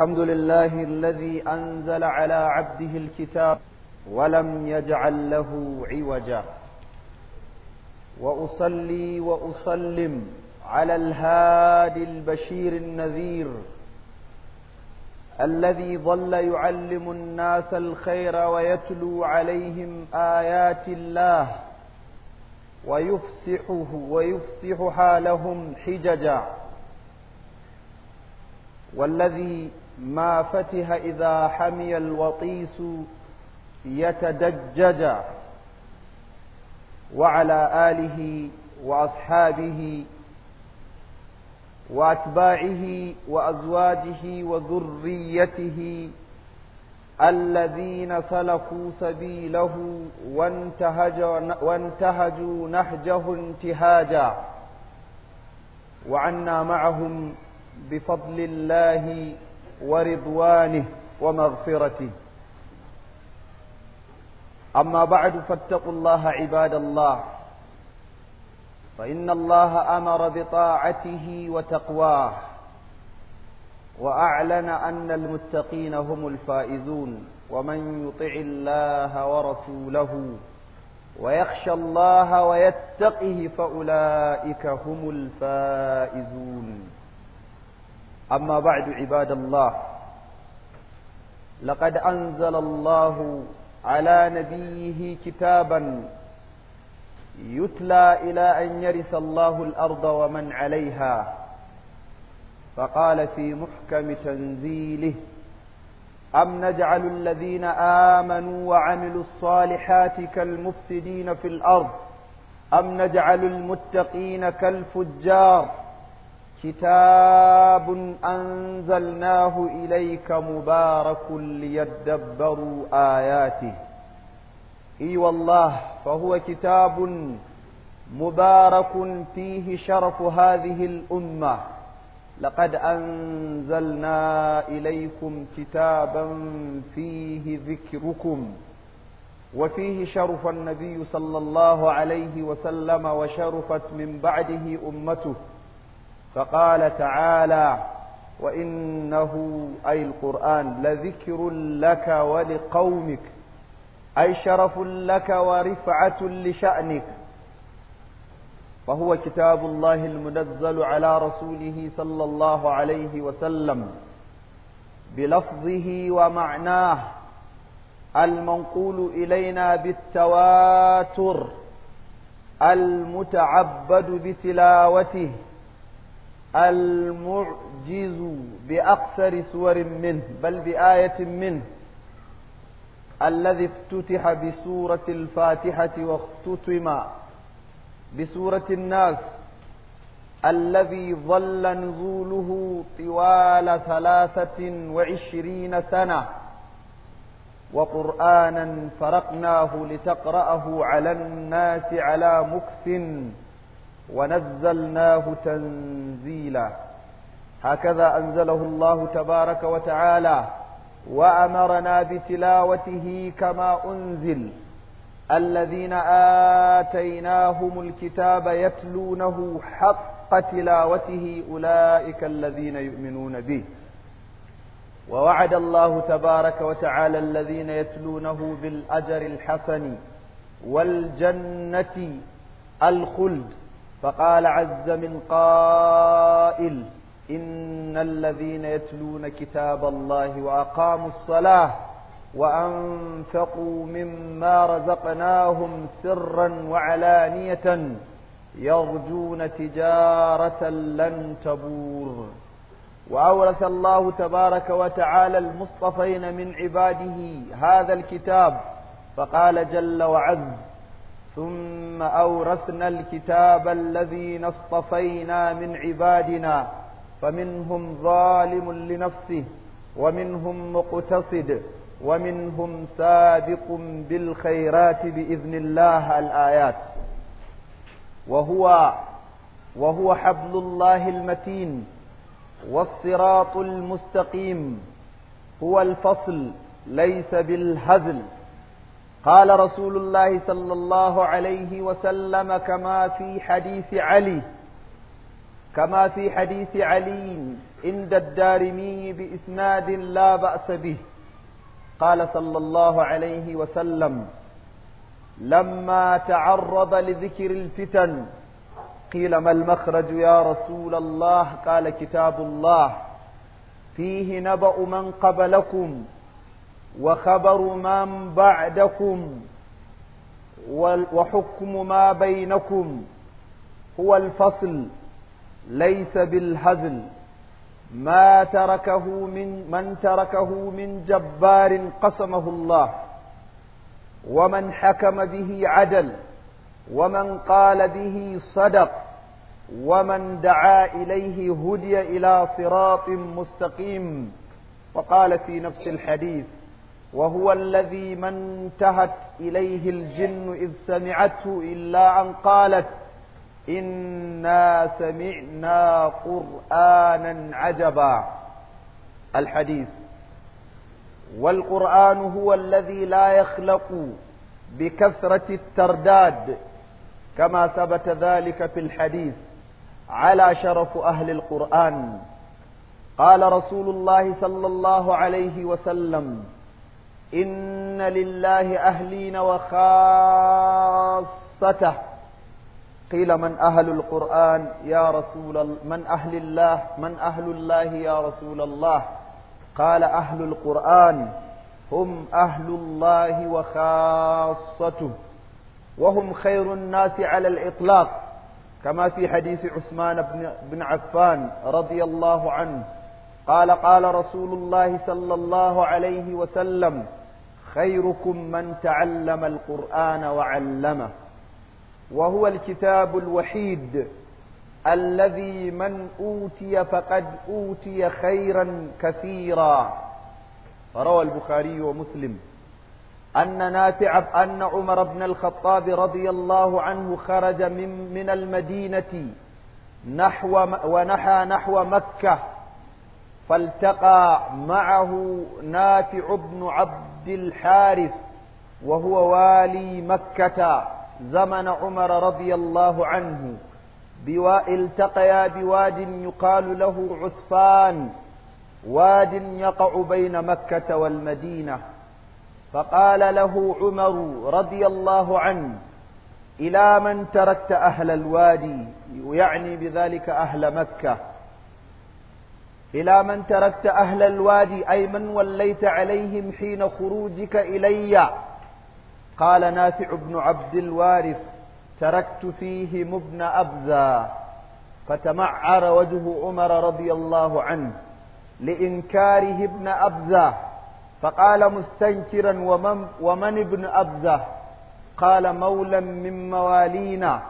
الحمد لله الذي أنزل على عبده الكتاب ولم يجعل له عوجا وأصلي وأسلم على الهادي البشير النذير الذي ظل يعلم الناس الخير ويتلو عليهم آيات الله ويفسحه ويفسحها لهم حججا والذي ما فتح إذا حمي الوطيس يتدجج وعلى آله وأصحابه وأتباعه وأزواجه وذريته الذين سلكوا سبيله وانتهجوا نهجه انتهاجا وعنا معهم بفضل الله ورضوانه ومغفرته أما بعد فاتقوا الله عباد الله فإن الله أمر بطاعته وتقواه وأعلن أن المتقين هم الفائزون ومن يطع الله ورسوله ويخشى الله ويتقه فأولئك هم الفائزون أما بعد عباد الله لقد أنزل الله على نبيه كتابا يتلى إلى أن يرث الله الأرض ومن عليها فقال في محكم تنزيله أم نجعل الذين آمنوا وعملوا الصالحات كالمفسدين في الأرض أم نجعل المتقين كالفجار كتاب أنزلناه إليك مبارك ليدبروا آياته إي والله فهو كتاب مبارك فيه شرف هذه الأمة لقد أنزلنا إليكم كتابا فيه ذكركم وفيه شرف النبي صلى الله عليه وسلم وشرفت من بعده أمته فقال تعالى وإنه أي القرآن لذكر لك ولقومك أي شرف لك ورفعة لشأنك فهو كتاب الله المنزل على رسوله صلى الله عليه وسلم بلفظه ومعناه المنقول إلينا بالتواتر المتعبد بتلاوته المعجز بأقصر سور منه بل بآية منه الذي افتتح بسورة الفاتحة واختتم بسورة الناس الذي ظل نزوله طوال ثلاثة وعشرين سنة وقرآنا فرقناه لتقرأه على الناس على مكث ونزلناه تنزيلا هكذا أنزله الله تبارك وتعالى وأمرنا بتلاوته كما أنزل الذين آتيناهم الكتاب يتلونه حق تلاوته أولئك الذين يؤمنون به ووعد الله تبارك وتعالى الذين يتلونه بالأجر الحسن والجنة الخلد فقال عز من قائل إن الذين يتلون كتاب الله وأقاموا الصلاة وأنفقوا مما رزقناهم سرا وعلانية يرجون تجارة لن تبور وأورث الله تبارك وتعالى المصطفين من عباده هذا الكتاب فقال جل وعز ثم أورثنا الكتاب الذين اصطفينا من عبادنا فمنهم ظالم لنفسه ومنهم مقتصد ومنهم سابق بالخيرات بإذن الله الآيات وهو وهو حبل الله المتين والصراط المستقيم هو الفصل ليس بالهزل قال رسول الله صلى الله عليه وسلم كما في حديث علي كما في حديث علي عند الدارمي بإسناد لا بأس به قال صلى الله عليه وسلم لما تعرض لذكر الفتن قيل ما المخرج يا رسول الله قال كتاب الله فيه نبأ من قبلكم وخبر من بعدكم وحكم ما بينكم هو الفصل ليس بالهزل ما تركه من من تركه من جبار قسمه الله ومن حكم به عدل ومن قال به صدق ومن دعا إليه هدي إلى صراط مستقيم وقال في نفس الحديث وهو الذي ما انتهت إليه الجن إذ سمعته إلا أن قالت إنا سمعنا قرآنا عجبا الحديث والقرآن هو الذي لا يخلق بكثرة الترداد كما ثبت ذلك في الحديث على شرف أهل القرآن قال رسول الله صلى الله عليه وسلم إن لله أهلين وخاصته قيل من أهل القرآن يا رسول من أهل الله من أهل الله يا رسول الله قال أهل القرآن هم أهل الله وخاصته وهم خير الناس على الإطلاق كما في حديث عثمان بن عفان رضي الله عنه قال قال رسول الله صلى الله عليه وسلم خيركم من تعلم القرآن وعلمه وهو الكتاب الوحيد الذي من أوتي فقد أوتي خيرا كثيرا روى البخاري ومسلم أن نافع أن عمر بن الخطاب رضي الله عنه خرج من, من المدينة نحو ونحى نحو مكة فالتقى معه نافع بن عبد الحارث وهو والي مكة زمن عمر رضي الله عنه بوا... التقيا بواد يقال له عسفان واد يقع بين مكة والمدينة فقال له عمر رضي الله عنه إلى من تركت أهل الوادي يعني بذلك أهل مكة إلى من تركت أهل الوادي أي من وليت عليهم حين خروجك إلي قال نافع بن عبد الوارث تركت فيهم ابن أبذى فتمعر وجه عمر رضي الله عنه لإنكاره ابن أبذى فقال مستنكرا ومن, ومن ابن أبذى قال مولا من موالينا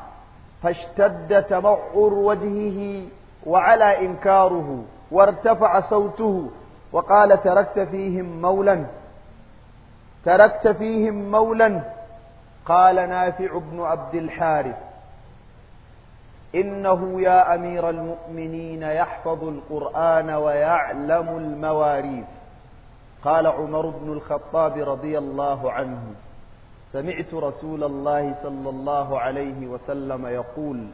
فاشتد تمعر وجهه وعلى إنكاره وارتفع صوته وقال تركت فيهم مولا تركت فيهم مولا قال نافع بن عبد الحارث إنه يا أمير المؤمنين يحفظ القرآن ويعلم المواريث قال عمر بن الخطاب رضي الله عنه سمعت رسول الله صلى الله عليه وسلم يقول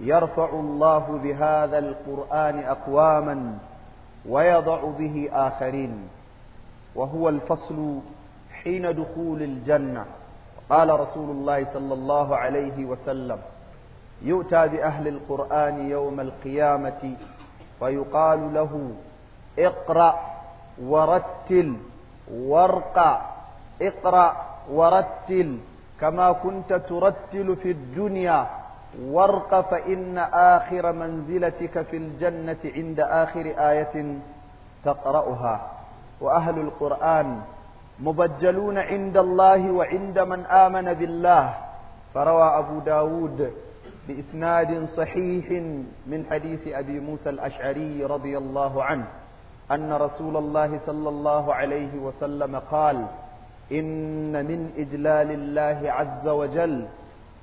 يرفع الله بهذا القرآن أقواما ويضع به آخرين وهو الفصل حين دخول الجنة قال رسول الله صلى الله عليه وسلم يؤتى بأهل القرآن يوم القيامة فيقال له اقرأ ورتل وارقى اقرأ ورتل كما كنت ترتل في الدنيا وارق فإن آخر منزلتك في الجنة عند آخر آية تقرأها وأهل القرآن مبجلون عند الله وعند من آمن بالله فروى أبو داود بإسناد صحيح من حديث أبي موسى الأشعري رضي الله عنه أن رسول الله صلى الله عليه وسلم قال إن من إجلال الله عز وجل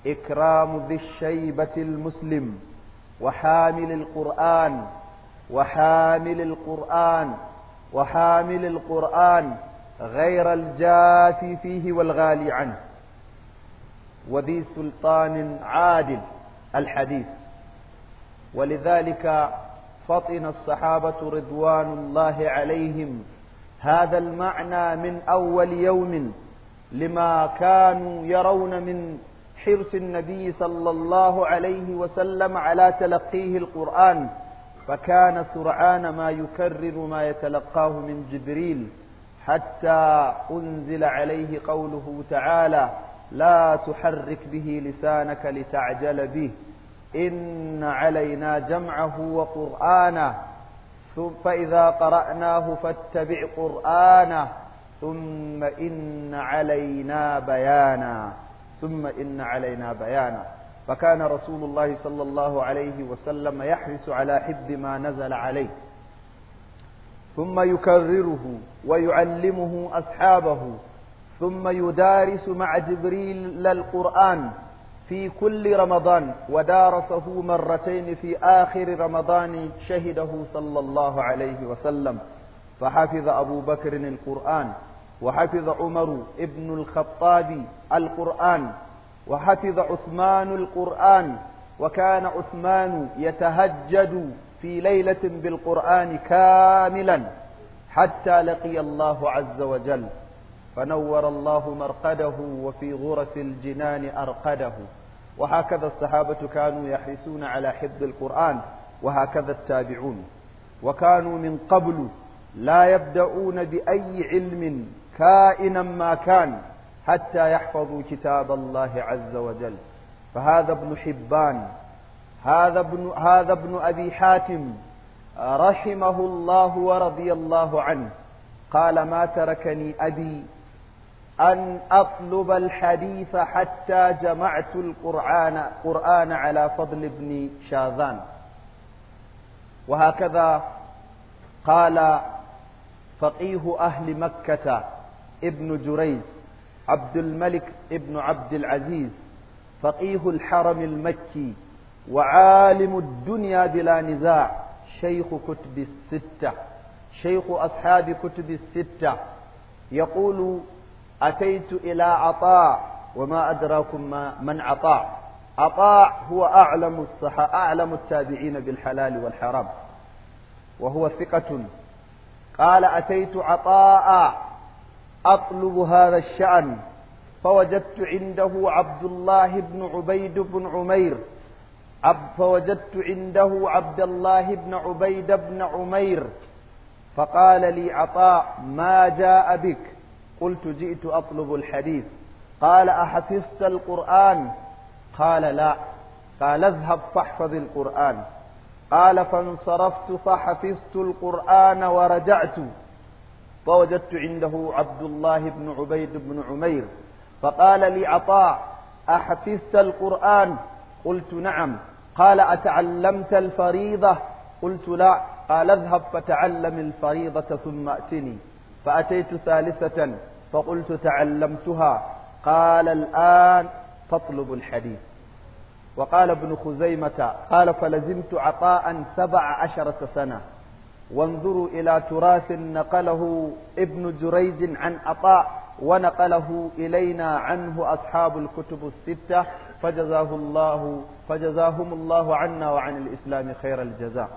إكرام ذي الشيبة المسلم وحامل القرآن وحامل القرآن وحامل القرآن غير الجافي فيه والغالي عنه وذي سلطان عادل الحديث ولذلك فطن الصحابة رضوان الله عليهم هذا المعنى من أول يوم لما كانوا يرون من حرص النبي صلى الله عليه وسلم على تلقيه القرآن فكان سرعان ما يكرر ما يتلقاه من جبريل حتى أنزل عليه قوله تعالى لا تحرك به لسانك لتعجل به إن علينا جمعه وقرآنه فإذا قرأناه فاتبع قرآنه ثم إن علينا بيانا ثم إن علينا بيانا فكان رسول الله صلى الله عليه وسلم يحرص على حفظ ما نزل عليه ثم يكرره ويعلمه أصحابه ثم يدارس مع جبريل القرآن في كل رمضان ودارسه مرتين في آخر رمضان شهده صلى الله عليه وسلم فحفظ أبو بكر القرآن وحفظ عمر ابن الخطاب القرآن وحفظ عثمان القرآن وكان عثمان يتهجد في ليلة بالقرآن كاملا حتى لقي الله عز وجل فنور الله مرقده وفي غرف الجنان أرقده وهكذا الصحابة كانوا يحرصون على حفظ القرآن وهكذا التابعون وكانوا من قبل لا يبدأون بأي علم كائنا ما كان حتى يحفظوا كتاب الله عز وجل فهذا ابن حبان هذا ابن هذا ابن ابي حاتم رحمه الله ورضي الله عنه قال ما تركني ابي أن أطلب الحديث حتى جمعت القرآن قرآن على فضل ابن شاذان وهكذا قال فقيه أهل مكة ابن جريج عبد الملك ابن عبد العزيز فقيه الحرم المكي وعالم الدنيا بلا نزاع شيخ كتب الستة شيخ أصحاب كتب الستة يقول أتيت إلى عطاء وما أدراكم ما من عطاء عطاء هو أعلم الصحة أعلم التابعين بالحلال والحرام وهو ثقة قال أتيت عطاء أطلب هذا الشأن فوجدت عنده عبد الله بن عبيد بن عمير فوجدت عنده عبد الله بن عبيد بن عمير فقال لي عطاء ما جاء بك قلت جئت أطلب الحديث قال أحفظت القرآن قال لا قال اذهب فاحفظ القرآن قال فانصرفت فحفظت القرآن ورجعت فوجدت عنده عبد الله بن عبيد بن عمير فقال لي عطاء أحفظت القرآن قلت نعم قال أتعلمت الفريضة قلت لا قال اذهب فتعلم الفريضة ثم أتني فأتيت ثالثة فقلت تعلمتها قال الآن فاطلب الحديث وقال ابن خزيمة قال فلزمت عطاء سبع عشرة سنة وانظروا إلى تراث نقله ابن جريج عن عطاء ونقله إلينا عنه أصحاب الكتب الستة فجزاه الله فجزاهم الله عنا وعن الإسلام خير الجزاء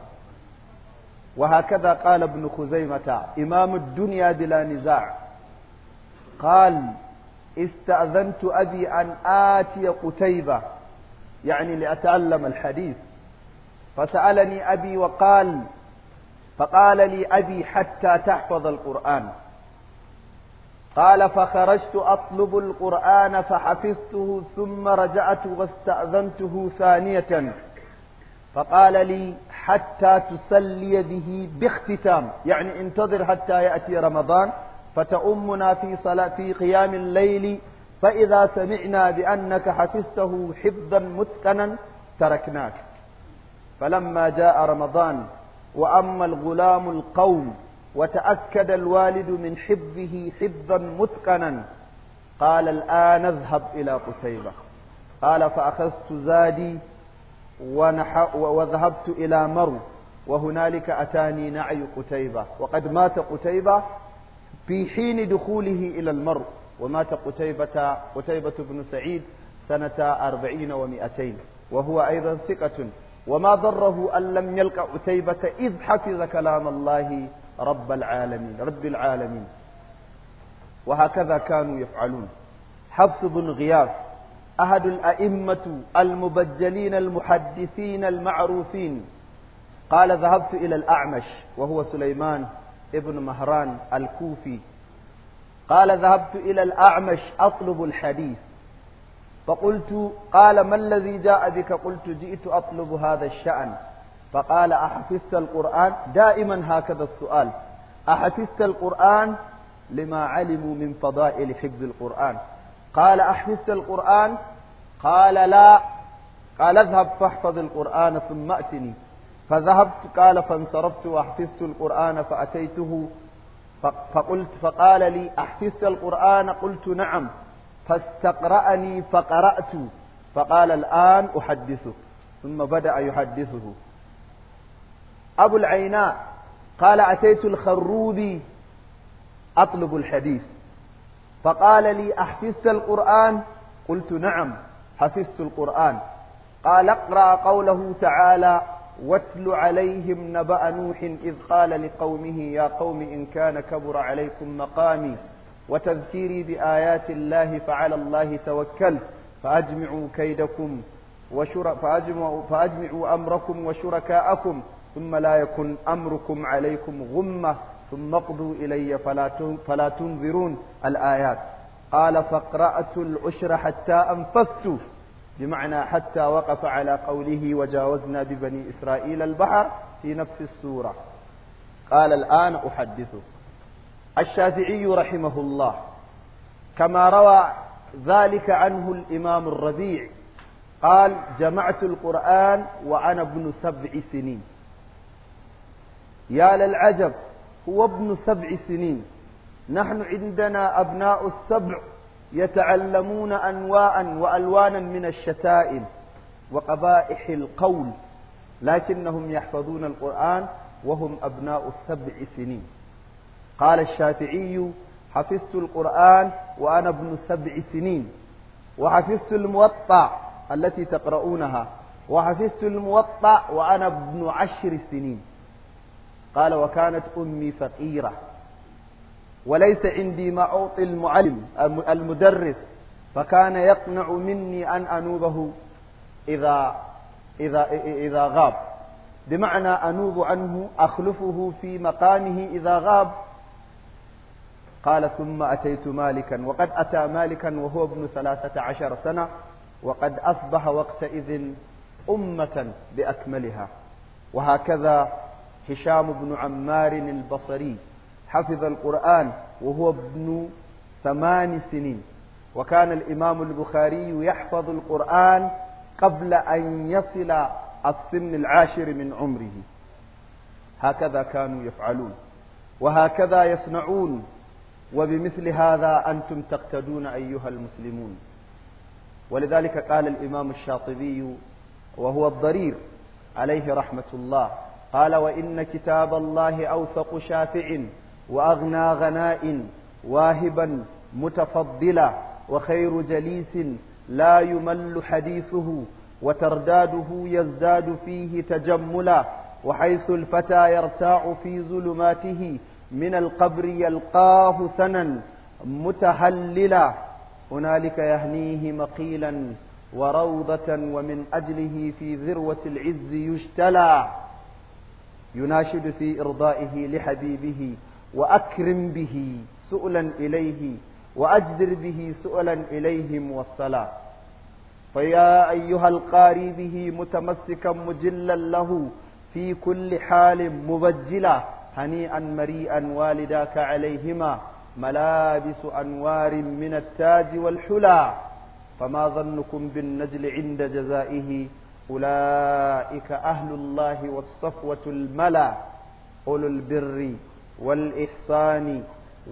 وهكذا قال ابن خزيمة إمام الدنيا بلا نزاع قال استأذنت أبي أن آتي قتيبة يعني لأتعلم الحديث فسألني أبي وقال فقال لي أبي حتى تحفظ القرآن قال فخرجت أطلب القرآن فحفظته ثم رجعت واستأذنته ثانية فقال لي حتى تسلي به باختتام يعني انتظر حتى يأتي رمضان فتأمنا في, صلاة في قيام الليل فإذا سمعنا بأنك حفظته حفظا متقنا تركناك فلما جاء رمضان وأما الغلام القوم وتأكد الوالد من حبه حبا متقنا قال الآن اذهب إلى قتيبة قال فأخذت زادي وذهبت إلى مرو وهنالك أتاني نعي قتيبة وقد مات قتيبة في حين دخوله إلى المرو ومات قتيبة, قتيبة بن سعيد سنة أربعين ومئتين وهو أيضا ثقة وما ضره أن لم يلقى عتيبة إذ حفظ كلام الله رب العالمين رب العالمين وهكذا كانوا يفعلون حفص بن غياث أحد الأئمة المبجلين المحدثين المعروفين قال ذهبت إلى الأعمش وهو سليمان ابن مهران الكوفي قال ذهبت إلى الأعمش أطلب الحديث فقلت قال ما الذي جاء بك قلت جئت أطلب هذا الشأن فقال أحفظت القرآن دائما هكذا السؤال أحفظت القرآن لما علموا من فضائل حفظ القرآن قال أحفظت القرآن قال لا قال اذهب فاحفظ القرآن ثم أتني فذهبت قال فانصرفت وأحفظت القرآن فأتيته فقلت فقال لي أحفظت القرآن قلت نعم فاستقرأني فقرأت فقال الآن أحدثك ثم بدأ يحدثه أبو العيناء قال أتيت الخروذي أطلب الحديث فقال لي أحفظت القرآن قلت نعم حفظت القرآن قال اقرأ قوله تعالى واتل عليهم نبأ نوح إذ قال لقومه يا قوم إن كان كبر عليكم مقامي وتذكيري بآيات الله فعلى الله توكلت فأجمعوا كيدكم وشر... فأجمعوا... فأجمعوا أمركم وشركاءكم ثم لا يكن أمركم عليكم غمة ثم اقضوا إلي فلا, فلا تنظرون الآيات قال فقرأت العشر حتى أنفست بمعنى حتى وقف على قوله وجاوزنا ببني إسرائيل البحر في نفس السورة قال الآن أحدثك الشافعي رحمه الله كما روى ذلك عنه الإمام الربيع قال جمعت القرآن وأنا ابن سبع سنين يا للعجب هو ابن سبع سنين نحن عندنا أبناء السبع يتعلمون أنواء وألوانا من الشتائم وقبائح القول لكنهم يحفظون القرآن وهم أبناء السبع سنين قال الشافعي حفظت القرآن وأنا ابن سبع سنين وحفظت الموطأ التي تقرؤونها وحفظت الموطأ وأنا ابن عشر سنين قال وكانت أمي فقيرة وليس عندي ما أعطي المعلم المدرس فكان يقنع مني أن أنوبه إذا إذا إذا غاب بمعنى أنوب عنه أخلفه في مقامه إذا غاب قال ثم أتيت مالكا وقد أتى مالكا وهو ابن ثلاثة عشر سنة وقد أصبح وقتئذ أمة بأكملها وهكذا هشام بن عمار البصري حفظ القرآن وهو ابن ثمان سنين وكان الإمام البخاري يحفظ القرآن قبل أن يصل السن العاشر من عمره هكذا كانوا يفعلون وهكذا يصنعون وبمثل هذا أنتم تقتدون أيها المسلمون ولذلك قال الإمام الشاطبي وهو الضرير عليه رحمة الله قال وإن كتاب الله أوثق شافع وأغنى غناء واهبا متفضلا وخير جليس لا يمل حديثه وترداده يزداد فيه تجملا وحيث الفتى يرتاع في ظلماته من القبر يلقاه ثنا متهللا هنالك يهنيه مقيلا وروضة ومن أجله في ذروة العز يجتلى يناشد في إرضائه لحبيبه وأكرم به سؤلا إليه وأجدر به سؤلا إليهم والصلاة فيا أيها القاري به متمسكا مجلا له في كل حال مبجلا هنيئا مريئا والداك عليهما ملابس أنوار من التاج والحلى فما ظنكم بالنجل عند جزائه أولئك أهل الله والصفوة الملا أولو البر والإحسان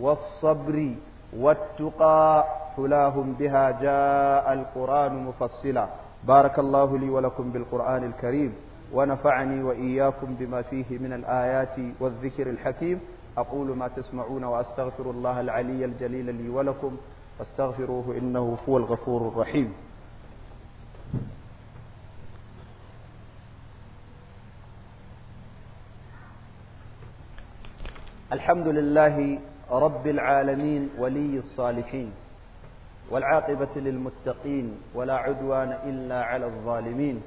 والصبر والتقى حلاهم بها جاء القرآن مفصلا بارك الله لي ولكم بالقرآن الكريم ونفعني وإياكم بما فيه من الآيات والذكر الحكيم أقول ما تسمعون وأستغفر الله العلي الجليل لي ولكم فاستغفروه إنه هو الغفور الرحيم الحمد لله رب العالمين ولي الصالحين والعاقبة للمتقين ولا عدوان إلا على الظالمين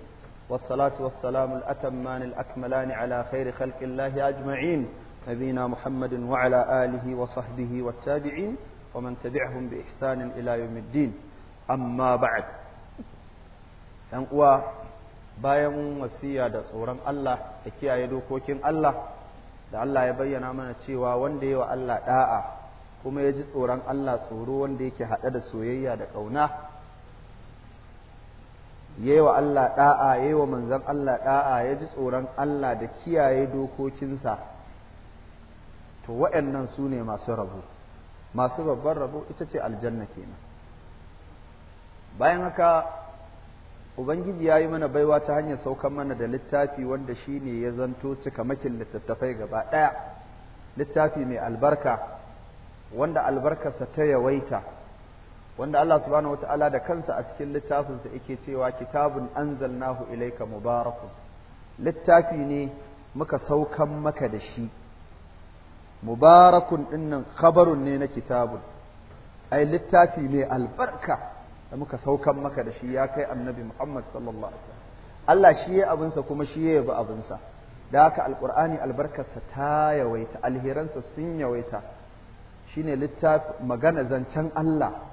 والصلاة والسلام الأتمان الأكملان على خير خلق الله أجمعين نبينا محمد وعلى آله وصحبه والتابعين ومن تبعهم بإحسان إلى يوم الدين أما بعد ينقوى بايم وسيا دا الله اكي ايدو كوكين الله دا الله يبين امانا تيوا واندي وعلا داعا كما يجي صورم الله صورو واندي كي حدد سويا دا قونا Ya yi wa Allah ɗa'a, ya yi wa manzon Allah ɗa'a, ya ji tsoron Allah da kiyaye dokokinsa to waɗannan su ne masu rabo masu babban rabo ita ce aljanna kenan bayan haka ubangiji ya yi mana baiwa ta hanyar saukan mana da littafi wanda shi ne ya zanto cikamakin littattafai gaba ɗaya littafi mai albarka wanda albarkarsa ta yawaita wanda Allah subhanahu wataala da kansa a cikin littafinsa yake cewa kitabun anzalnahu ilayka mubarakun littafi ne muka saukan maka da shi mubarakun dinnan khabarun ne na kitabun ai littafi mai albarka da muka saukan maka da shi ya kai annabi Muhammad sallallahu alaihi wasallam Allah shi ya abinsa kuma shi ya yabi abinsa da haka alqur'ani albarkarsa ta yawaita alheransa sun yawaita shine littafi magana zancen Allah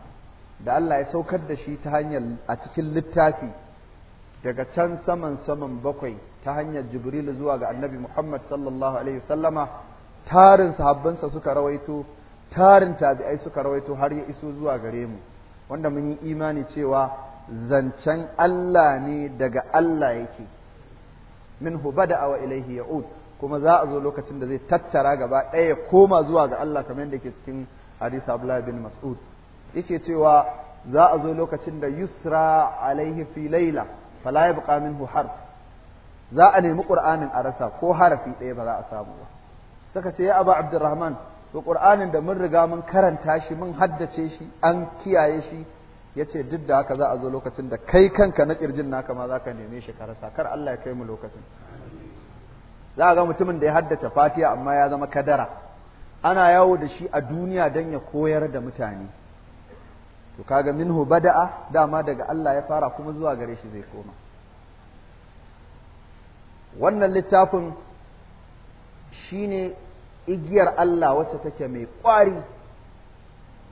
da Allah ya saukar da shi ta hanyar a cikin littafi daga can saman saman bakwai ta hanyar jibril zuwa ga annabi muhammad sallallahu alaihi sallama tarin sahabbansa suka rawaito tarin tabi'ai suka rawaito har ya iso zuwa gare mu wanda mun yi imani cewa zancen Allah ne daga Allah yake minhu da wa ilaihi ya'ud kuma za a zo lokacin da zai tattara gaba ɗaya koma zuwa ga Allah kamar yadda ke cikin hadisa Abdullah bin Mas'ud yake cewa za a zo lokacin da yusra alaihi fi laila fala yabqa minhu harf za a nemi qur'anin a rasa ko harafi ɗaya ba za a samu ba saka ce ya aba abdurrahman to qur'anin da mun riga mun karanta shi mun haddace shi an kiyaye shi yace duk da haka za a zo lokacin da kai kanka na kirjin naka ma ka neme shi ka rasa kar Allah ya kai mu lokacin za a ga mutumin da ya haddace Fatiya amma ya zama kadara ana yawo da shi a duniya don ya koyar da mutane to kaga minhu bada'a dama daga Allah ya fara kuma zuwa gare shi zai koma wannan littafin shine igiyar Allah wacce take mai ƙwari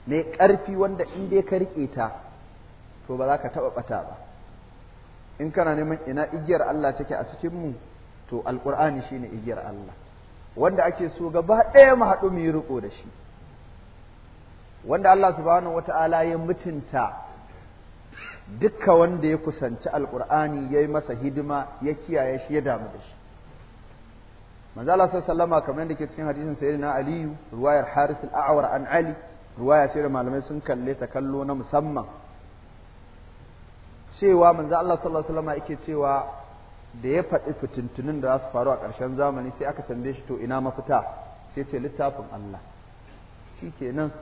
mai ƙarfi wanda in dai ka riƙe ta to ba za ka taɓa ɓata ba in kana neman ina igiyar Allah take a cikin mu to alƙur'ani shine igiyar Allah wanda ake so gaba ɗaya mu haɗu mu yi riƙo da shi wanda Allah subhanahu ta’ala ya mutunta dukka wanda ya kusanci ya yi masa hidima ya kiyaye shi ya damu da shi manzo Allah sallama kamar yadda ke cikin hadisin sayyidina aliyu ruwayar haris al-a'war an ali ruwaya ce da malamai sun kalle ta kallo na musamman cewa manzo Allah sallallahu alaihi wasallam yake cewa da ya faɗi fitintunin da za su faru a ƙarshen zamani sai aka tambaye shi to ina mafita sai ce littafin Allah Shi shikenan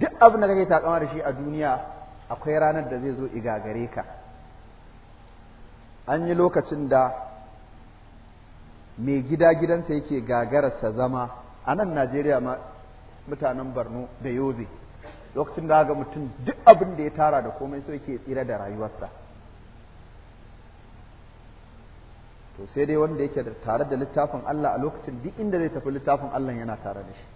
duk abin da kake takama da shi a duniya akwai ranar da zai zo igagare ka an yi lokacin da mai gida gidansa yake gagararsa zama a nan najeriya ma mutanen borno da yobe lokacin da ga mutum duk abin da ya tara da komai so yake tsira da rayuwarsa to sai dai wanda yake tare da littafin Allah a lokacin duk inda zai tafi littafin Allah yana tare da shi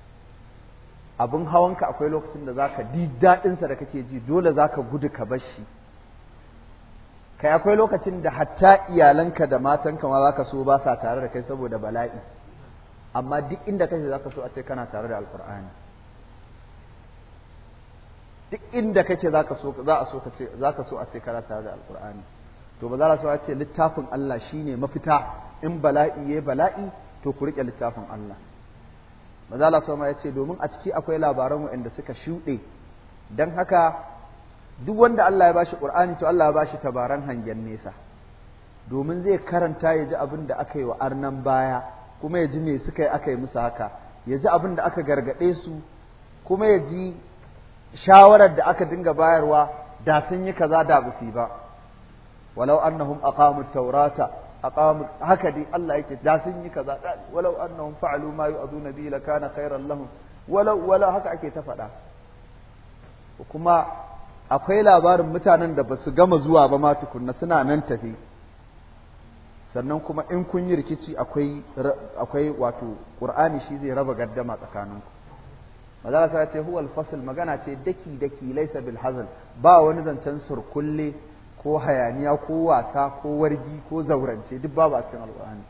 abin hawanka akwai lokacin da zaka di daɗinsa da kake ji dole zaka gudu ka bar shi kai akwai lokacin da hatta iyalanka da matanka ma zaka so ba sa tare da kai saboda bala'i amma duk inda kake zaka so a ce kana tare da alkur'ani duk inda kake zaka so za a so ka zaka so a ce kana tare da alkur'ani to ba za so a ce littafin Allah shine mafita in bala'i yayi bala'i to ku rike littafin Allah mazala sama ya ce domin a ciki akwai labaran waɗanda suka shuɗe don haka duk wanda Allah ya ba shi ƙur'ani to Allah ya bashi tabaran hangen nesa domin zai karanta ya ji abin da aka yi wa arnan baya kuma ya ji me suka yi aka yi musu haka ya ji abin da aka gargaɗe su kuma ya ji shawarar da aka dinga bayarwa da sun yi kaza da ba su yi ba walau annahum aqamut taurata aqamu haka dai Allah yake da sun yi kaza da walau annahum fa'alu ma yu'aduna bi lakana khairan lahum walau wala haka ake ta faɗa kuma akwai labarin mutanen da basu gama zuwa ba ma tukunna suna nan tafi sannan kuma in kun yi rikici akwai akwai wato qur'ani shi zai raba gaddama tsakaninku maza ta ce huwal fasl magana ce daki daki laysa bil hazl ba wani zancen surkulle ko hayaniya ko wasa ko wargi ko zaurance duk babu a cikin alqur'ani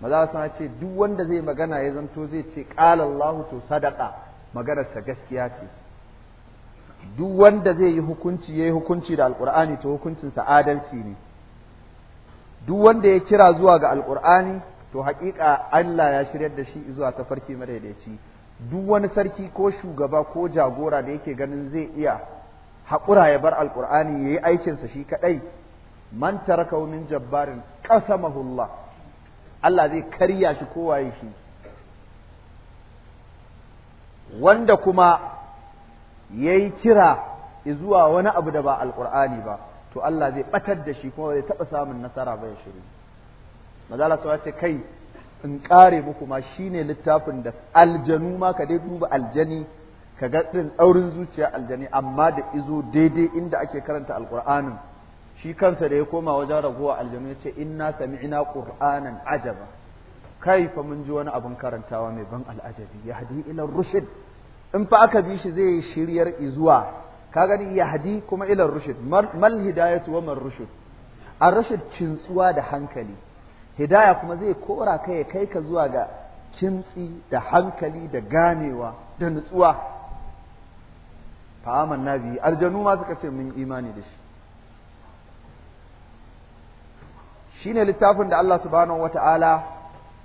maza sun ce duk wanda zai magana ya zanto zai ce qala Allahu to sadaqa maganarsa gaskiya ce duk wanda zai yi hukunci yayi hukunci da alqur'ani to hukuncin hukuncinsa adalci ne duk wanda ya kira zuwa ga alqur'ani to haƙiƙa Allah ya shiryar da shi zuwa ta tafarki madaidaici duk wani sarki ko shugaba ko jagora da yake ganin zai iya haƙura ya bar alƙur'ani ya yi aikinsa shi kaɗai man taraka min jabbarin qasamahullah Allah zai karya shi ya shi wanda kuma yayi kira zuwa wani abu da ba Alƙur'ani ba to Allah zai ɓatar da shi kuma zai taɓa samun nasara ba ya shiru mazala ya ce kai in ƙare muku ma shine littafin da aljanu ma ka dai duba aljani ka ga ɗin tsaurin zuciya aljani amma da izo daidai inda ake karanta alƙur'anin shi kansa da ya koma wajen ragowa aljanu ya ce inna ina ƙur'anin ajaba kai fa mun ji wani abin karantawa mai ban al'ajabi hadi ila rushid in fa aka bi shi zai shiryar izuwa ka gani yahdi kuma ila rushid mal hidayatu wa mal rushid A rushid kintsuwa da hankali hidaya kuma zai kora kai kai ka zuwa ga kintsi da hankali da ganewa da nutsuwa fa amanna biyu aljanu ma suka ce mun imani da shi ne littafin da Allah subhanahu wata'ala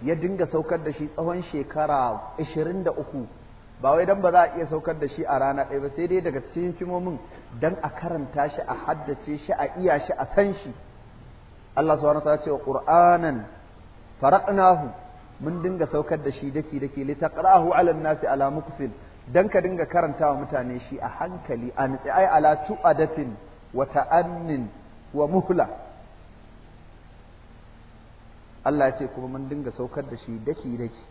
ya dinga saukar da shi tsawon shekara 23 ba wai dan ba za a iya saukar da shi a rana ɗaya ba sai dai daga cikin hikimomin dan a karanta shi a haddace shi a iya shi a san shi Allah subhanahu wata'ala ce wa qur'anan faraqnahu mun dinga saukar da shi daki daki litaqra'ahu 'ala an-nasi ala mukfil dan ka dinga karanta wa mutane shi a hankali an ai ala tu'adatin wa ta'annin wa muhla Allah ya ce kuma mun dinga saukar da shi daki daki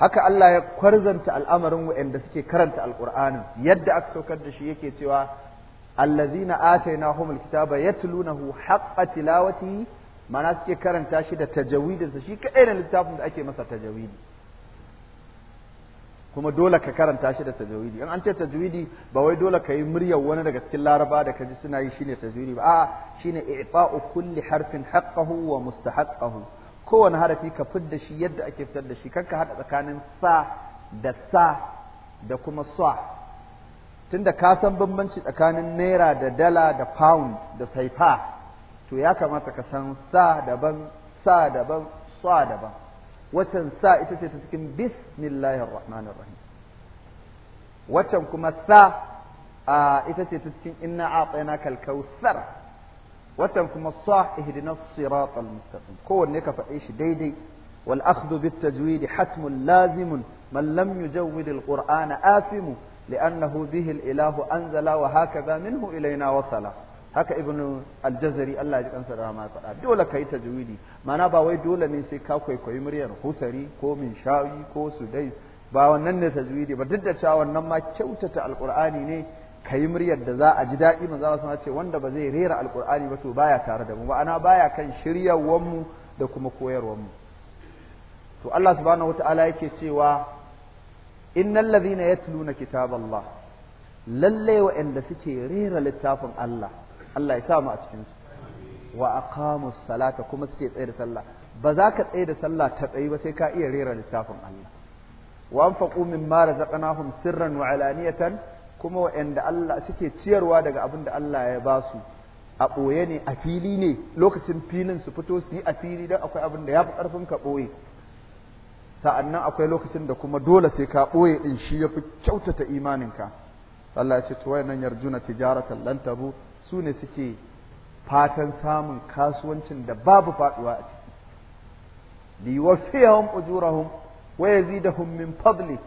haka Allah ya kwarzanta al'amarin waɗanda suke karanta alqur'anin yadda aka saukar da shi yake cewa allazina atainahumul kitaba yatlunahu haqqa tilawati, mana suke karanta shi da tajawidinsa shi kadai ne littafin da ake masa tajawidi kuma dole ka karanta shi da tajwidi in an ce tajwidi ba wai dole ka yi muryar wani daga cikin laraba da ka ji suna yi shine tajwidi ba a'a shine i'fa'u kulli harfin haqqahu wa mustahaqqahu kowane harafi ka fidda shi yadda ake fitar da shi kanka hada tsakanin sa da sa da kuma sa tunda ka san bambanci tsakanin naira da dala da pound da saifa to ya kamata ka san sa daban sa daban sa daban waccan sa ita ce ta cikin bismillahir rahmanir rahim waccan kuma sa ita ce ta cikin inna a'tayna kal kautsar waccan kuma sa ihdina siratal mustaqim kowanne ka faɗe shi daidai wal akhdhu bit tajwid hatmun lazim man lam yujawwid al qur'ana afimu li'annahu bihi al ilahu anzala wa hakaza minhu ilayna wasala haka ibnu aljazari Allah ji kansa da ma faɗa dole kai tajwidi mana ba wai dole ne sai ka kwaikwayi muryar husari ko shawi ko sudais ba wannan ne tajwidi ba duk da cewa wannan ma kyautata alqur'ani ne kai muryar da za a ji daɗi manzo Allah sun ce wanda ba zai rera alqur'ani ba to baya tare da mu ba ana baya kan shiryawar mu da kuma koyarwar mu to Allah subhanahu wataala yake cewa innal ladhina yatluna kitaballah lalle wa'anda suke rera littafin Allah Allah ya sa mu a cikin wa aqamu salata kuma suke tsaye da sallah ba za ka tsaye da sallah ta tsayi ba sai ka iya rera littafin Allah wa anfaqu mimma razaqnahum sirran wa alaniyatan kuma wa'anda Allah suke ciyarwa daga abin da Allah ya ba su a ɓoye ne a fili ne lokacin filin su fito su yi a fili don akwai abin da ya fi ƙarfin ka ɓoye sa'annan akwai lokacin da kuma dole sai ka boye in shi yafi fi kyautata imaninka Allah ya ce to wayannan yarjuna tijaratan lan tabu su ne suke fatan samun kasuwancin da babu faduwa a ciki liwafiyahum ujurahum wa yazidahum min fadli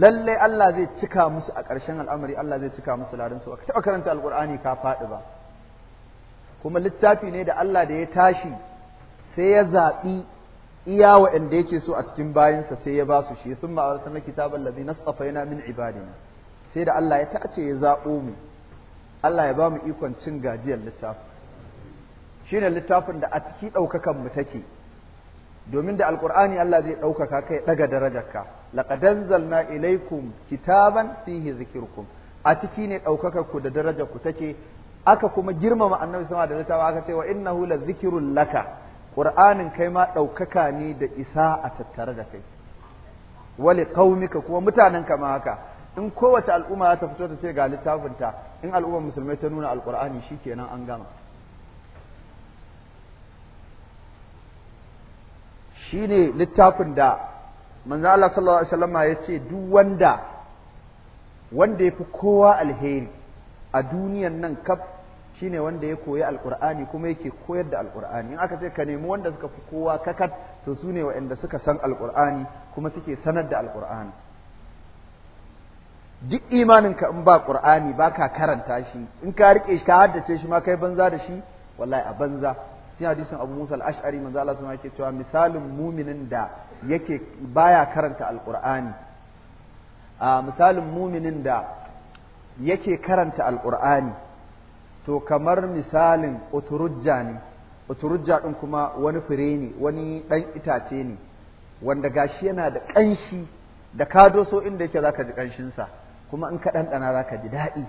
lalle Allah zai cika musu a ƙarshen al'amari Allah zai cika musu ladan su ka taɓa karanta alqur'ani ka faɗi ba kuma littafi ne da Allah da ya tashi sai ya zaɓi iya waɗanda yake so a cikin bayinsa sai ya ba su shi sun ma'auratan na kitabar lazi na min ibadina sai da Allah ya tace ya zaɓo mu Allah ya ba mu ikon cin gajiyar littafin shi ne littafin da a ciki ɗaukakan mu take domin da alƙur'ani Allah zai ɗaukaka kai ɗaga darajarka laƙadan zalna ilaikum kitaban fihi zikirkum a ciki ne ɗaukakar ku da darajar ku take aka kuma girmama annabi sama da littafin aka ce wa inna hula zikirun laka ƙur'anin kai ma ɗaukaka ne da isa a tattare da kai wali ƙaumika kuma mutanen kama haka in kowace al'umma ta fito ta ce ga littafinta in al'ummar musulmai ta nuna ke shikenan an gama shine littafin da manzo Allah sallallahu alaihi wasallam ya ce duk wanda wanda yafi kowa alheri a duniyan nan kaf shine wanda ya koyi alqur'ani kuma yake koyar da alqur'ani in aka ce ka nemi wanda suka fi kowa kakat to sune ne waɗanda suka san alqur'ani kuma suke sanar da alqur'ani duk imaninka in ba qur'ani baka karanta shi in ka rike shi ka haddace shi ma kai banza da shi wallahi a banza sai hadisin Abu Musa al-Ash'ari manzo Allah sun yake cewa misalin muminin da yake baya karanta alqur'ani a misalin muminin da yake karanta alqur'ani to kamar misalin uturujja ne uturujja din kuma wani fure ne wani ɗan itace ne wanda gashi yana da ƙanshi da ka doso inda yake zaka ji kanshin sa kuma in ka ɗanɗana za ka ji daɗi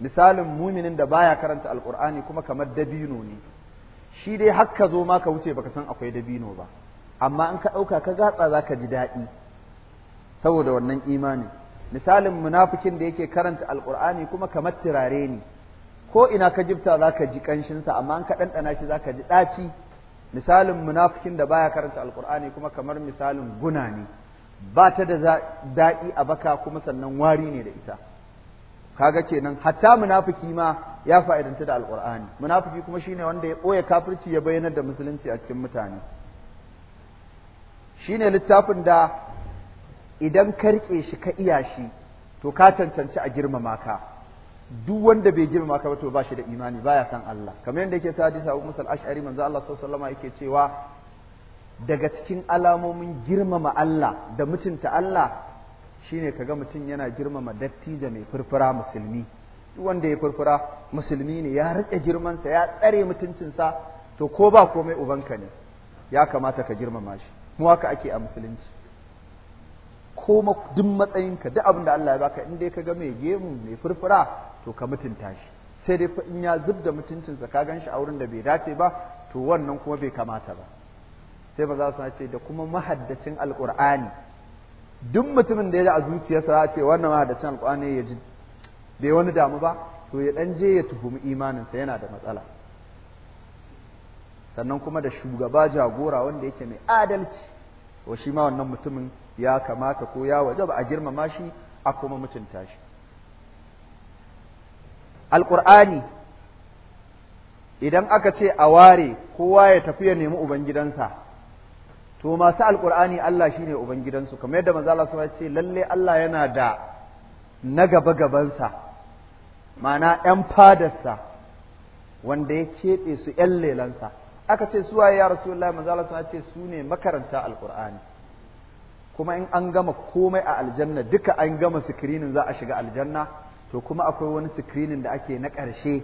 misalin muminin da baya karanta alƙur'ani kuma kamar dabino ne shi dai har zo ma ka wuce baka san akwai dabino ba amma in ka ɗauka ka gatsa za ka ji daɗi saboda wannan imanin misalin munafikin da yake karanta alƙur'ani kuma kamar turare ne ko ina ka jibta za ka ji ƙanshinsa amma in ka ɗanɗana shi za ka ji ɗaci misalin munafikin da baya karanta alƙur'ani kuma kamar misalin guna ne ba ta da daɗi a baka kuma sannan wari ne da ita kaga kenan hatta munafiki ma ya fa'idanta da alqur'ani munafiki kuma shine wanda ya ɓoye kafirci ya bayyanar da musulunci a cikin mutane shine littafin da idan ka riƙe shi ka iya shi to ka cancanci a girmama ka duk wanda bai girmama ka ba to ba shi da imani baya san Allah kamar yadda yake ta hadisi Abu Musa al-Ash'ari manzo Allah sallallahu alaihi wasallam yake cewa daga cikin alamomin girmama Allah da mutunta Allah shine kaga mutum yana girmama dattijo mai furfura musulmi duk wanda ya furfura musulmi ne ya rike girmansa ya tsare mutuncinsa to ko ba komai ubanka ne ya kamata ka girmama shi mu haka ake a musulunci ko duk matsayinka duk abin da Allah ya baka in kaga mai gemu mai furfura to ka mutunta shi sai dai in ya zubda da mutuncinsa ka ganshi a wurin da bai dace ba to wannan kuma bai kamata ba sai ba za su ce da kuma mahaddacin alƙur'ani duk mutumin da ya ji a zuciyarsa za ce wannan mahaddacin alqur'ani ya ji bai wani damu ba to ya dan je ya tuhumi imaninsa yana da matsala sannan kuma da shugaba jagora wanda yake mai adalci wa shi ma wannan mutumin ya kamata ko ya wajaba a girmama shi a kuma mutunta shi alƙur'ani idan aka ce a ware kowa ya tafi ya nemi ubangidansa to masu alkur'ani Allah shine ubangidansu kamar yadda manzo Allah ya ce lalle Allah yana da na gaba gabansa ma'ana yan fadarsa wanda ya keɓe su yan lelansa aka ce suwaye ya rasulullahi manzo Allah ya ce su ne makaranta alkur'ani kuma in an gama komai a aljanna duka an gama sikirinin za a shiga aljanna to kuma akwai wani sikirinin da ake na ƙarshe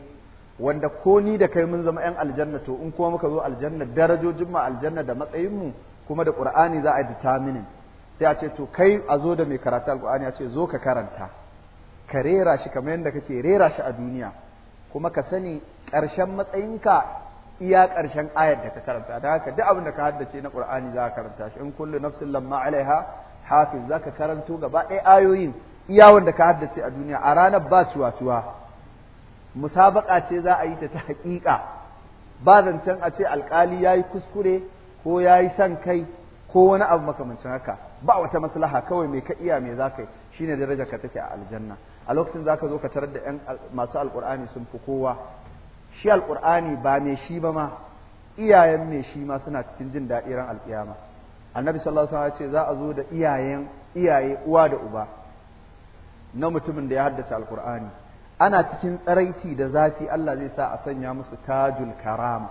wanda ko ni da kai mun zama 'yan aljanna to in kuma muka zo aljanna darajojin mu aljanna da matsayinmu. kuma da qur'ani za a determining sai a ce to kai a zo da mai karatu alqur'ani a ce zo ka karanta ka rera shi kamar yadda kake rera shi a duniya kuma ka sani ƙarshen matsayinka iya ƙarshen ayar da ka karanta da haka duk abin da ka haddace na qur'ani za ka karanta shi in kullu nafsin lamma alaiha hafiz ka karanto gaba ɗaya ayoyin iya wanda ka haddace a duniya a ranar ba tuwa-tuwa musabaka ce za a yi ta ta haƙiƙa ba zancen a ce alƙali ya yi kuskure ko ya yi son kai ko wani abu makamancin haka ba wata maslaha kawai mai ka iya mai za ka yi shi ne darajar ka take a aljanna a lokacin za ka zo ka tarar da ‘yan masu alƙur'ani sun fi kowa shi alƙur'ani ba mai shi ba ma iyayen mai shi ma suna cikin jin daɗi ran alƙiyama annabi sallallahu alaihi ce za a zo da iyayen iyaye uwa da uba na mutumin da ya haddace alƙur'ani ana cikin tsaraici da zafi Allah zai sa a sanya musu tajul karama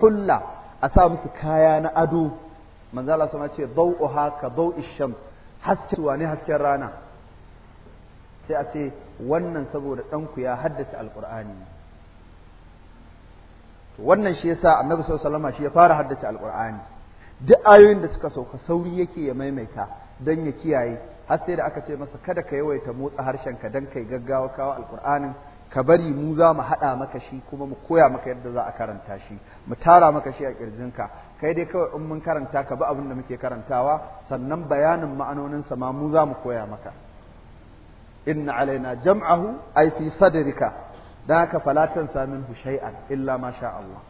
hulla a sa musu kaya na ado manzo Allah sama ce daw'uha ka daw'i shams haske ne hasken rana sai a ce wannan saboda ɗanku ya haddace alqur'ani wannan shi yasa annabi sallallahu alaihi shi ya fara haddace alqur'ani duk ayoyin da suka sauka sauri yake ya maimaita don ya kiyaye har sai da aka ce masa kada ka yawaita motsa harshenka dan kai gaggawa kawo alqur'anin ka bari mu za mu haɗa maka shi kuma mu koya maka yadda za a karanta shi mu tara maka shi a ƙirjinka kai dai kawai in mun karanta ka bi abin da muke karantawa sannan bayanin ma'anoninsa ma mu za mu koya maka inna alaina jam'ahu ay fi sadrika dan haka falatan samin hushai'an illa ma sha Allah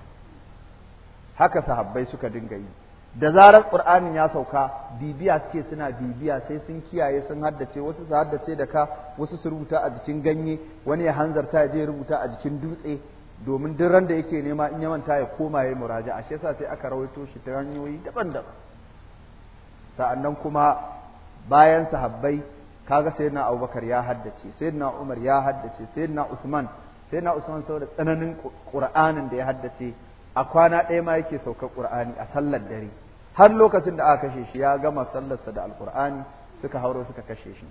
haka sahabbai suka dinga yi da zarar ƙur'anin ya sauka bibiya suke suna bibiya sai sun kiyaye sun haddace wasu su haddace da ka wasu su rubuta a jikin ganye wani ya hanzarta ya je rubuta a jikin dutse domin duk ran da yake nema in ya manta ya koma ya a shi yasa sai aka rawaito shi ta hanyoyi daban-daban sa'annan kuma bayan sahabbai kaga sayyidina Abubakar ya haddace sayyidina Umar ya haddace sayyidina Usman sayyidina Usman saboda tsananin Qur'anin da ya haddace a kwana ɗaya ma yake saukar ƙur'ani a sallar dare har lokacin da aka kashe shi ya gama sallarsa da alkur'ani suka hauro suka kashe shi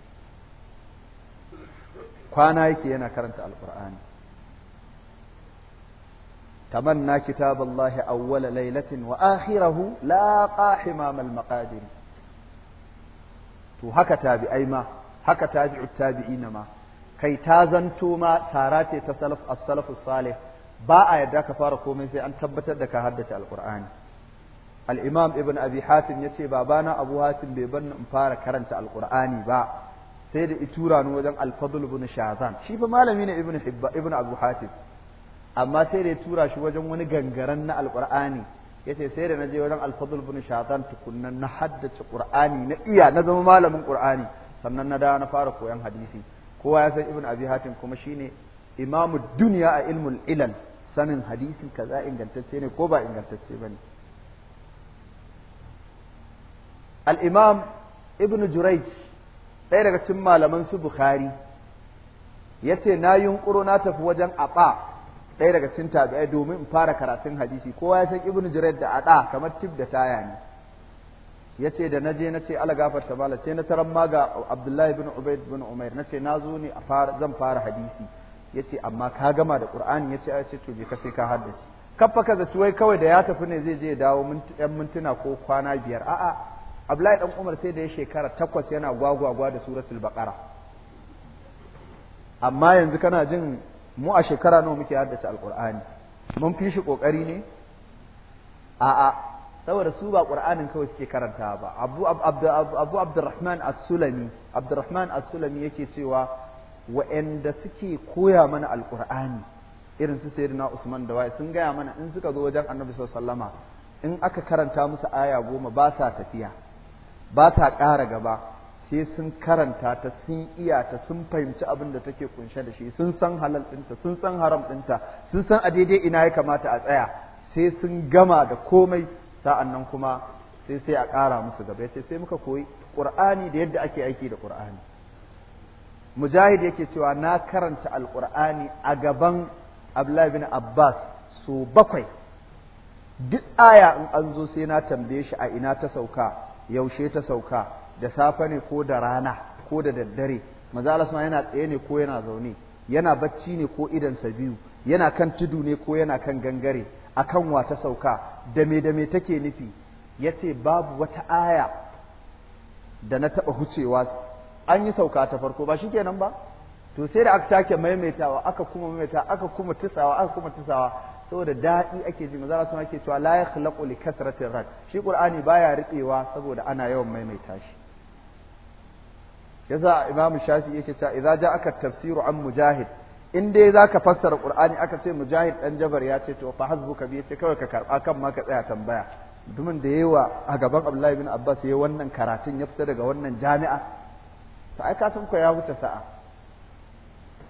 kwana yake yana karanta alkur'ani tamanna kitaballahi awwala lailatin wa akhirahu la qahima mal maqadir to haka tabi'ai ma haka tabi'u tabi'ina ma kai ta zanto ma tara ta salaf as-salafus salih ba a yadda ka fara komai sai an tabbatar da ka haddace alkur'ani Al'imam imam ibn abi hatim ba babana abu hatim bai bar in fara karanta Alƙur'ani ba sai da itura ni wajen alfadul ibn shazan shi fa malami ne ibn abu hatim amma sai da ya tura shi wajen wani gangaren na Alƙur'ani ya ce sai da na je wajen alfadul ibn shazan tukunnan na haddace ƙur'ani na iya na zama malamin ƙur'ani sannan na dawo na fara koyan hadisi kowa ya san ibn abi hatim kuma shine imamu duniya a ilmul ilal sanin hadisi kaza ingantacce ne ko ba ingantacce ba ne. al-imam ibn jurayj ɗaya daga cin malaman su bukhari yace na yunkuro na tafi wajen aɓa ɗaya daga cin tabi'ai domin in fara karatun hadisi kowa ya san ibn jurayj da ada kamar Tif da taya ne yace da naje nace ala gafar ta sai na taron ma ga abdullahi ibn ubayd ibn umair nace na zo ne fara zan fara hadisi yace amma ka gama da qur'ani yace a ce to je ka sai ka haddace kaffa kaza wai kawai da ya tafi ne zai je ya dawo yan mintuna ko kwana biyar a'a Abdullahi dan Umar sai da ya shekara takwas yana gwagwagwa da suratul baqara amma yanzu kana jin mu a shekara nawa muke haddace alqur'ani mun fi shi kokari ne a'a saboda su ba qur'anin kawai suke karanta ba abu abu abdurrahman as-sulami abdurrahman as-sulami yake cewa wa'anda suke koya mana alqur'ani irin su sayyidina usman da waye sun gaya mana in suka zo wajen annabi sallallahu alaihi wasallama in aka karanta musu aya goma ba sa tafiya ba ta ƙara gaba sai sun karanta ta sun iya ta sun fahimci abin da take kunshe da shi sun san halal ɗinta sun san haram ɗinta sun san a daidai ina ya kamata a tsaya sai sun gama da komai sa'an nan kuma sai sai a ƙara musu gaba ce sai muka koyi ƙur'ani da yadda ake aiki da ƙur'ani mujahid yake cewa na karanta alƙur'ani a gaban abdullahi bin abbas so bakwai duk aya in an zo sai na tambaye shi a ina ta sauka yaushe ta sauka da safe ne ko da rana ko da daddare Maza Allah yana tsaye ne ko yana zaune yana bacci ne ko idansa biyu yana kan tudu ne ko yana kan gangare A wa ta sauka da me da me take nufi Ya ce babu wata aya da na taba hucewa an yi sauka ta farko ba shi kenan ba to sai da aka sake maimaitawa aka kuma maimaita aka kuma tisawa aka kuma tisawa saboda daɗi ake ji manzo suna ake cewa la yakhlaqu li kasratir rad shi qur'ani baya riɓewa saboda ana yawan maimaita shi yasa imamu shafi yake cewa idza aka tafsiru an mujahid in dai zaka fassara ƙur'ani aka ce mujahid dan jabar ya ce to fa hasbuka bi ce kawai ka karɓa kan ma ka tsaya tambaya Dumin da yawa a gaban Abdullahi bin Abbas yayi wannan karatun ya fita daga wannan jami'a to ai ka san ko ya wuce sa'a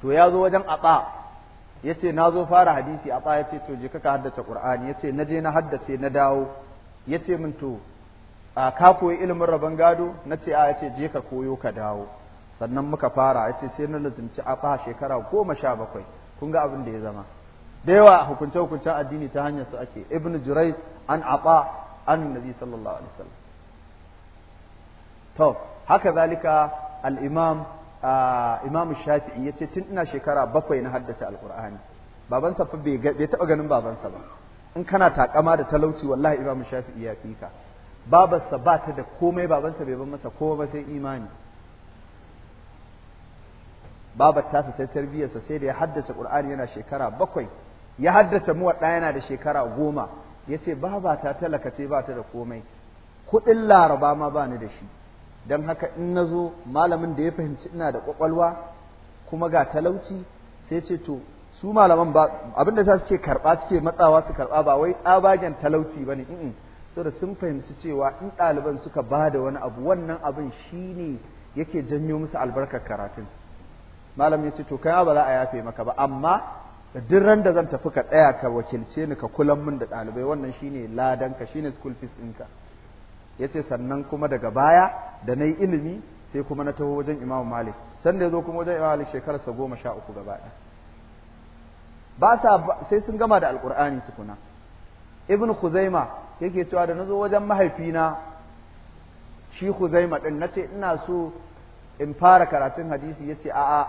to ya zo wajen aba yace na zo fara hadisi a tsaya ce to je ka haddace qur'ani yace na je na haddace na dawo yace min to a ka koyi ilimin rabon gado na ce a yace je ka koyo ka dawo sannan muka fara yace sai na lazimci a shekara goma sha bakwai kun ga abin da ya zama da yawa hukunce-hukuncen addini ta hanyar su ake ibnu jurai an aba an nabi sallallahu alaihi wasallam to haka zalika al-imam imam shafi'i ya ce tun ina shekara bakwai na haddace alkur'ani babansa fa bai taɓa ganin babansa ba in kana takama da talauci wallahi imam shafi'i ya fi ka babarsa ba ta da komai sa bai ban masa ko ba sai imani ta sa ta tarbiyyarsa sai da ya haddace qur'ani yana shekara bakwai ya haddace muwadda yana da shekara goma ya ce baba ta talaka ba ta da komai kuɗin laraba ma ba ni da shi don haka in na zo malamin da ya fahimci ina da kwakwalwa kuma ga talauci sai ce to su malaman ba abin da za su ce karɓa suke matsawa su karɓa ba wai tsabagen talauci ba ne So da sun fahimci cewa in ɗaliban suka ba da wani abu wannan abin shi ne yake janyo musu albarkar karatun malam ya ce to kai ba za a yafe maka ba amma duk ran da zan tafi ka tsaya ka wakilce ni ka kulan min da ɗalibai wannan shine ladanka shine school fees ɗinka yace sannan kuma daga baya da nayi ilimi sai kuma na taho wajen Imam Malik sanda zo kuma wajen Imam Malik shekararsa goma sha uku gaba ba sa sai sun gama da Alƙur'ani tukuna ibn Khuzaima yake cewa da zo wajen mahaifina shi ɗin na ce ina so in fara karatun hadisi Ya yace a'a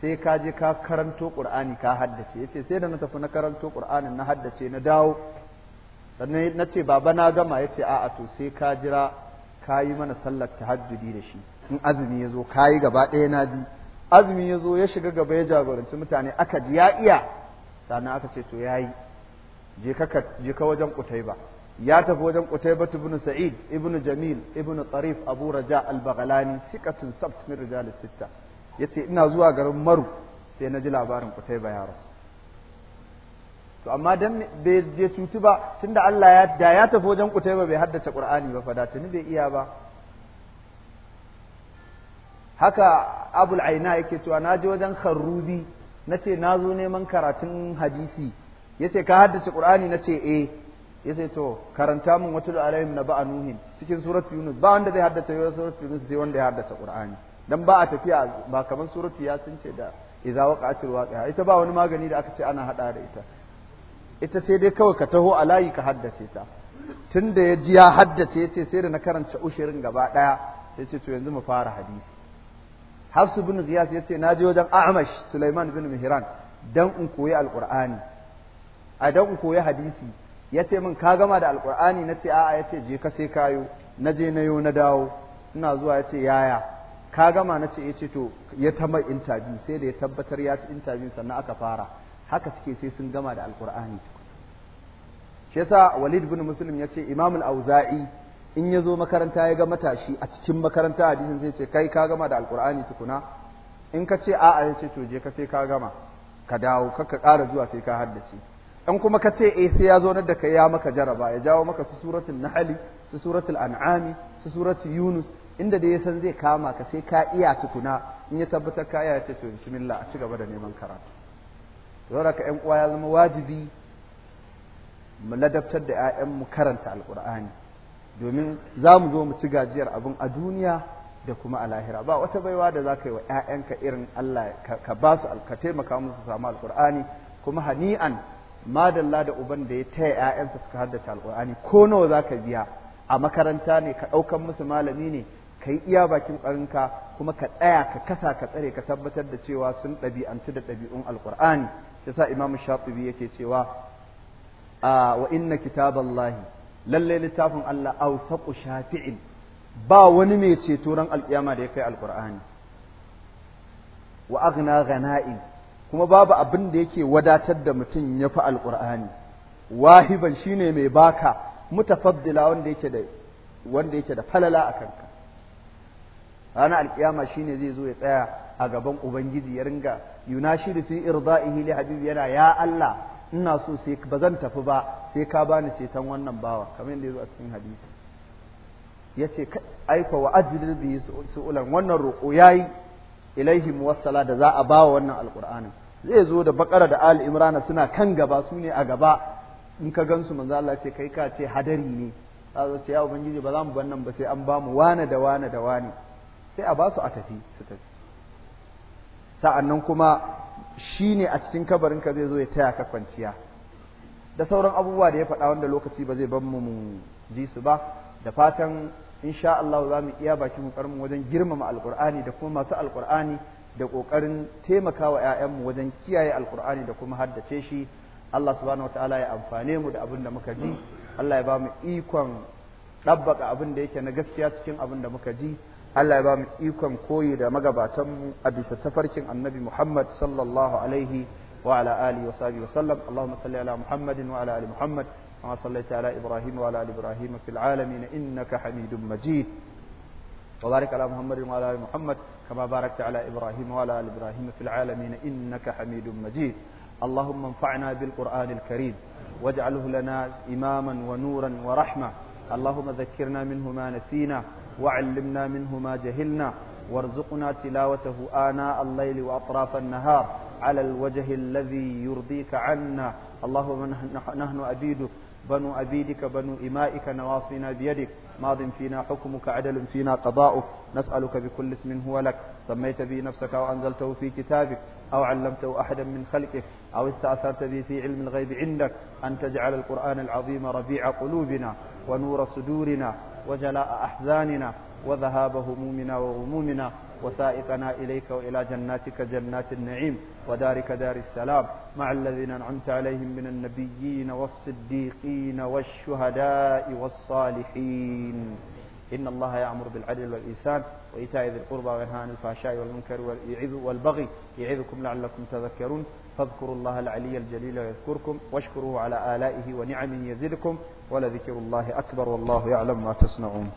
sai ka je ka karanto ƙur'ani ka haddace yace sai da na tafi na karanto Qur'anin na haddace na dawo sannan na ce baba na gama ya ce a'a to sai ka jira ka yi mana sallar ta tahajjudi da shi in azumi ya zo ka yi gaba ɗaya na ji azumi ya zo ya shiga gaba ya jagoranci mutane aka ji ya iya sannan aka ce to ya yi je ka wajen kutaiba ya tafi wajen ba ibn sa'id ibn jamil ibn tsarif abu raja al cikatin sikatun sabt min rijal sitta yace ina zuwa garin maru sai na ji labarin ƙutaiba ya rasu to amma dan bai je cutu ba tunda Allah ya da ya tafi wajen kutaiba bai haddace Qur'ani ba fa da tuni bai iya ba haka Abul Aina yake cewa je wajen Kharrubi nace nazo neman karatun hadisi yace ka haddace Qur'ani nace eh yace to karanta mun wata alayhim na ba anuhin cikin suratu yunus ba wanda zai haddace suratu yunus sai wanda ya haddace Qur'ani dan ba a tafiya ba kamar suratu yasin ce da idza waqa'atul waqi'a ita ba wani magani da aka ce ana hada da ita ita sai dai kawai ka taho a layi ka haddace ta tun da ya ji ya haddace ya ce sai da na karanta ushirin gaba ɗaya sai ce to yanzu mu fara hadisi hafsu bin ghiyas ya ce na je wajen a'amash sulaiman bin mihran dan in koyi alqur'ani a dan in koyi hadisi ya ce min ka gama da alqur'ani na ce a'a ya ce je ka sai kayo na je na yo na dawo ina zuwa ya ce yaya ka gama na ce ya eh, ce to ya ta mai interview sai da ya tabbatar ya ci interview sannan aka fara haka suke sai sun gama da alkur'ani shi yasa walid bin muslim ya ce imamul auza'i in ya zo makaranta ya ga matashi a cikin makaranta hadisin sai ce kai ka gama da alkur'ani tukuna in ka ce a'a ya ce to je ka sai ka gama ka dawo ka ƙara zuwa sai ka haddace in kuma ka ce eh sai ya zo da kai ya maka jaraba ya jawo maka su suratul nahl su suratul an'ami su suratul yunus inda da ya san zai kama ka sai ka iya tukuna in ya tabbatar ka ya ce to bismillah a ci gaba da neman karatu saboda ka ‘yan uwa ya zama wajibi mu ladabtar da 'ya'yanmu karanta alkur'ani domin za mu zo mu ci gajiyar abin a duniya da kuma a lahira ba wata baiwa da za ka yi wa ‘ya'yanka irin Allah ka ba su ka taimaka musu samu alƙur'ani kuma hani'an madalla da uban da ya taya ‘ya'yansa suka haddace alƙur'ani ko nawa za ka biya a makaranta ne ka ɗaukan musu malami ne ka yi iya bakin ƙwarinka kuma ka ɗaya ka kasa ka tsare ka tabbatar da cewa sun ɗabi'antu da ɗabi'un alƙur'ani yasa imam shafi'i yake cewa wa inna kitaballahi lallai littafin Allah awthaqu shafi'in ba wani mai ceto ran alƙiyama da ya kai alƙur'ani wa aghna kuma babu abin da yake wadatar da mutum ya fi alƙur'ani wahiban shine mai baka mutafaddila wanda yake da wanda yake da falala a kanka ranar alkiyama ne zai zo ya tsaya a gaban ubangiji ya ringa yunashiru fi irda'ihi li habibi yana ya Allah ina so sai ba zan tafi ba sai ka bani ceton wannan bawa kamar yadda zo a cikin hadisi Ya yace aika wa ajril bi su'ulan wannan roƙo ya yayi ilaihi muwassala da za a ba wa wannan alƙur'anin zai zo da bakara da al imrana suna kan gaba su ne a gaba in ka gansu manzo Allah ce kai ka ce hadari ne za ce ya ubangiji ba za mu bannan ba sai an ba mu wane da wane da wane sai a ba su a tafi su tafi sa'annan kuma shi ne a cikin kabarin ka zai zo ya taya ka kwanciya da sauran abubuwa da ya faɗa wanda lokaci ba zai ban mu ji su ba da fatan insha Allah za mu iya baki bakin kokarin wajen girmama alqur'ani da kuma masu alqur'ani da kokarin taimakawa ƴaƴanmu wajen kiyaye alqur'ani da kuma haddace shi Allah subhanahu wataala ya amfane mu da abin da muka ji Allah ya ba mu ikon ɗabbaka abin da yake na gaskiya cikin abin da muka ji Allah ya ba mu ikon koyi da magabatanmu a bisa tafarkin annabi Muhammad sallallahu alaihi wa ala alihi wa sahbihi wa sallam Allahumma salli ala Muhammadin wa ala ali Muhammad kama sallaita ala Ibrahim wa ala ali Ibrahim fil alamin innaka Hamidum Majid wa barik ala Muhammadin wa ala ali Muhammad kama barakta ala Ibrahim wa ala ali Ibrahim fil alamin innaka Hamidum Majid اللهم انفعنا بالقرآن الكريم واجعله wa إماما ونورا ورحمة اللهم ذكرنا منه ما نسينا وعلمنا منه ما جهلنا وارزقنا تلاوته آناء الليل وأطراف النهار على الوجه الذي يرضيك عنا اللهم نحن أبيدك بنو أبيدك بنو إمائك نواصينا بيدك ماض فينا حكمك عدل فينا قضاؤك نسألك بكل اسم هو لك سميت به نفسك وأنزلته في كتابك أو علمته أحدا من خلقك أو استأثرت به في علم الغيب عندك أن تجعل القرآن العظيم ربيع قلوبنا ونور صدورنا وجلاء أحزاننا وذهاب همومنا وغمومنا وسائقنا إليك وإلى جناتك جنات النعيم ودارك دار السلام مع الذين أنعمت عليهم من النبيين والصديقين والشهداء والصالحين إن الله يأمر بالعدل والإحسان وإيتاء ذي القربى وينهى عن الفحشاء والمنكر والبغي يعظكم لعلكم تذكرون فاذكروا الله العلي الجليل يذكركم واشكروه على آلائه ونعمه يزدكم ولذكر الله أكبر والله يعلم ما تصنعون